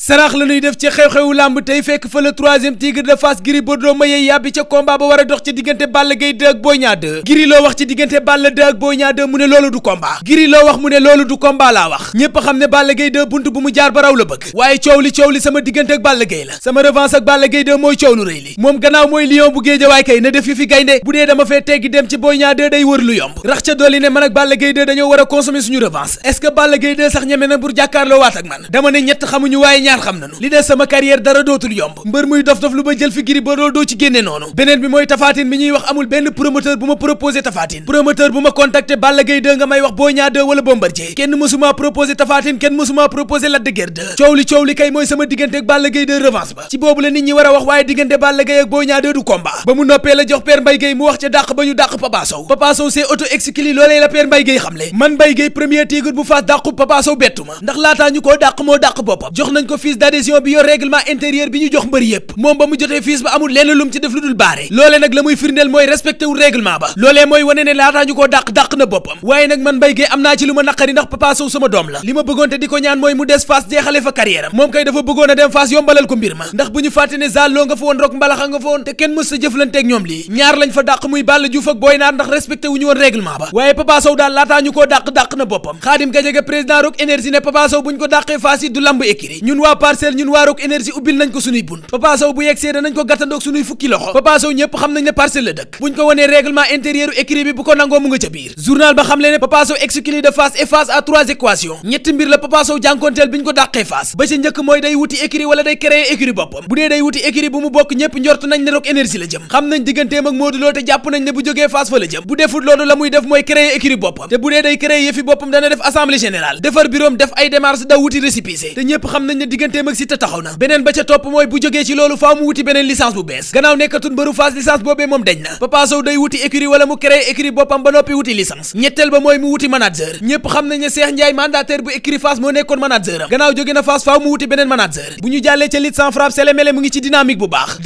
sarax la ñuy def ci xew-xewu làmb tey fekk fa le troisième tigre de Fass Gris Bordeaux ma yey yàbbi ca combat ba war a dox ci diggante Balla Gaye ak Boy Niang 2 loo wax ci diggante Balla 2 ak Boy Niang mu ne loolu du combat Gris loo wax mu ne loolu du combat laa wax ñépp xam ne Balla Gaye bunt bu mu jaar ba raw la bëgg waaye coow li coow li sama diggante ak Balla Gaye la sama revanche ak Balla Gaye mooy coow lu rëy li moom gannaaw mooy lion bu géejawaay kay na def yi ne man ak Balla Gaye 2 dañoo a consommer suñu revanche est ñaar xam li des sama carrière dara dootul yomb mbër muy dof dof lu ba jël fi Gris Bordeaux doo ci génne noonu beneen bi mooy tafaatin bi ñuy wax amul benn promoteur bu ma proposé tafaatin promoteur bu ma contacté Balla Gaye 2 nga may wax Boy Niang 2 wala kenn mësuma proposé tafaatin kenn mësuma proposé Lac de Guiers coow li coow li kay mooy sama diggante ak Balla Gaye 2 ba ci boobu la nit ñi war a wax waaye diggante Balla Gaye ak Boy ko fiche d'adhésion bi yor règlement intérieur bi ñu jox mbër yépp moom ba mu jotee fiche ba amul lenn lu mu ci def lu dul baare loole nag la muy firndeel mooy respecté wu ba loolee mooy wane ne laataa ñu koo dàq dàq na boppam waaye nag man Mbaye Gueye am naa ci lu ma naqari ndax Papa sama doom la li ma bëggoon te di ko ñaan mooy mu des Fass jeexale fa carrière moom kay dafa bëggoon a dem Fass yombalal ko mbir ma ndax bu ñu fàtte ne zalloo ñun waa parcelle de face et face à trois équations ñetti mbir la Papa jànkonteel bi ñu ko dàqee face ba ci njëkk mooy day wuti écrit wala day créer écrit boppam bu dee day wuti écrit bu mu bokk ñëpp njort nañ ne Rock Énergie la jëm xam nañ digganteem ak Modou te jàpp nañ ne bu jógee face fa la jëm bu deful loolu la muy def mooy créer écrit boppam te bu dee day créer yëfi boppam dana def assemblée générale defar bureau def ay démarches digganteem ak Siteu taxaw na beneen ba ca topp mooy bu jógee ci loolu faaw mu wuti beneen licence bu bees gannaaw nekkatul mbëru Fass licence boobee moom dañ na Papa Sow wuti écurie wala mu créer écurie boppam ba noppi wuti licence ñetteel ba mooy mu wuti manager ñépp xam nañ ne Cheikh Ndiaye mandataire bu écurie Fass moo nekkoon manager gannaaw jóge na Fass faaw mu wuti beneen manager bu ñu jàllee ca lit sans frappe Sélémélé mu ngi ci dynamique bu baax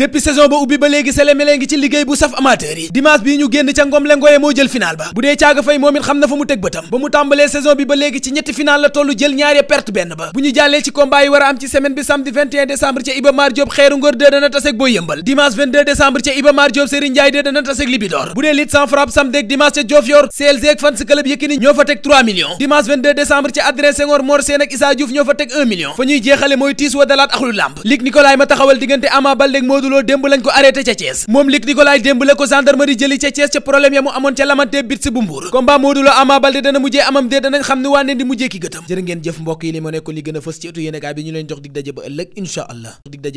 am ci semaine bi samedi 21 décembre ca Iba Mar Diop ngor dee dana taseeg boo yëmbal dimanche 22 décembre ca Iba Mar Diop Serigne Ndiaye dana taseeg Libidor bu dee lit sans frappe samedi ak dimanche ca Diofior CLG ak fans club Yékini ñoo fa teg 3 millions dimanche 22 décembre ca Adrien Senghor Mor Sène ak ñoo fa teg 1 million fa ñuy jeexale mooy tiis wa dalaat axlu làmb Luc Nicolaï ma taxawal diggante Ama Baldé ak leen jox dig daje ba ëllëg incha allah dig daje